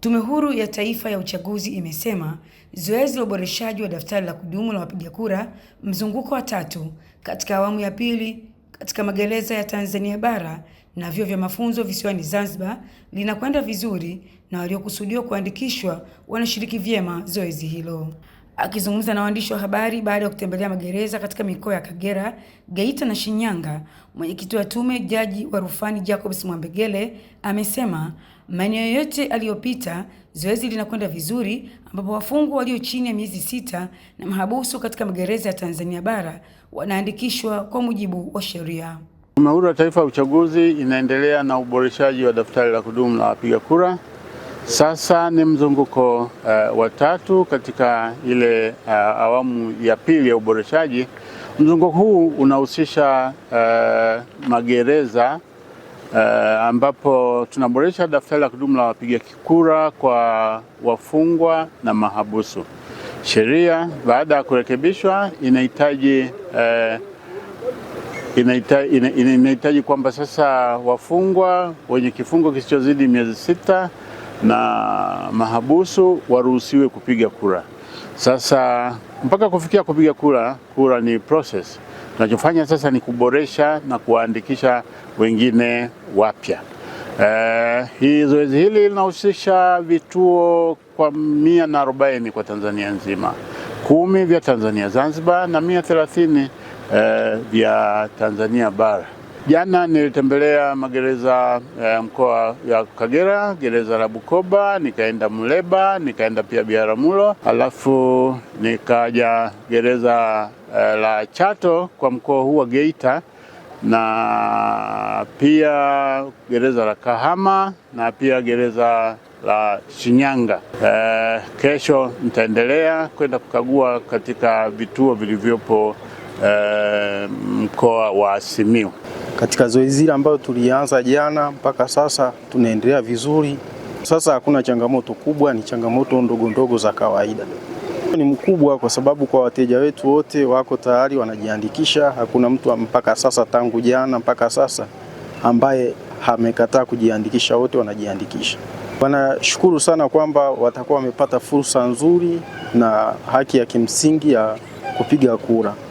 Tume Huru ya Taifa ya Uchaguzi imesema zoezi la uboreshaji wa daftari la kudumu la wapiga kura mzunguko wa tatu katika awamu ya pili katika magereza ya Tanzania bara na vyuo vya mafunzo visiwani Zanzibar linakwenda vizuri na waliokusudiwa kuandikishwa wanashiriki vyema zoezi hilo. Akizungumza na waandishi wa habari baada ya kutembelea magereza katika mikoa ya Kagera, Geita na Shinyanga, mwenyekiti wa tume jaji wa rufani Jacobs Mwambegele amesema maeneo yote aliyopita zoezi linakwenda vizuri, ambapo wafungwa walio chini ya miezi sita na mahabusu katika magereza ya Tanzania bara wanaandikishwa kwa mujibu wa sheria. Tume Huru ya Taifa ya Uchaguzi inaendelea na uboreshaji wa daftari la kudumu la wapiga kura sasa ni mzunguko uh, wa tatu katika ile uh, awamu ya pili ya uboreshaji. Mzunguko huu unahusisha uh, magereza uh, ambapo tunaboresha daftari la kudumu la wapiga kura kwa wafungwa na mahabusu. Sheria baada ya kurekebishwa inahitaji uh, inahitaji ina, ina, kwamba sasa wafungwa wenye kifungo kisichozidi miezi sita na mahabusu waruhusiwe kupiga kura. Sasa mpaka kufikia kupiga kura, kura ni process. Tunachofanya sasa ni kuboresha na kuwaandikisha wengine wapya. Eh, hii zoezi hili linahusisha vituo kwa mia na arobaini kwa Tanzania nzima, kumi vya Tanzania Zanzibar na mia thelathini eh, vya Tanzania bara. Jana nilitembelea magereza ya mkoa ya Kagera, gereza la Bukoba, nikaenda Muleba, nikaenda pia Biharamulo, alafu nikaja gereza eh, la Chato kwa mkoa huu wa Geita na pia gereza la Kahama na pia gereza la Shinyanga. E, kesho nitaendelea kwenda kukagua katika vituo vilivyopo e, mkoa wa Simiyu. Katika zoezi hili ambalo tulianza jana mpaka sasa tunaendelea vizuri. Sasa hakuna changamoto kubwa, ni changamoto ndogo ndogo za kawaida. Ni mkubwa kwa sababu kwa wateja wetu wote wako tayari wanajiandikisha. Hakuna mtu mpaka sasa, tangu jana mpaka sasa, ambaye amekataa kujiandikisha, wote wanajiandikisha. Wanashukuru sana kwamba watakuwa wamepata fursa nzuri na haki ya kimsingi ya kupiga kura.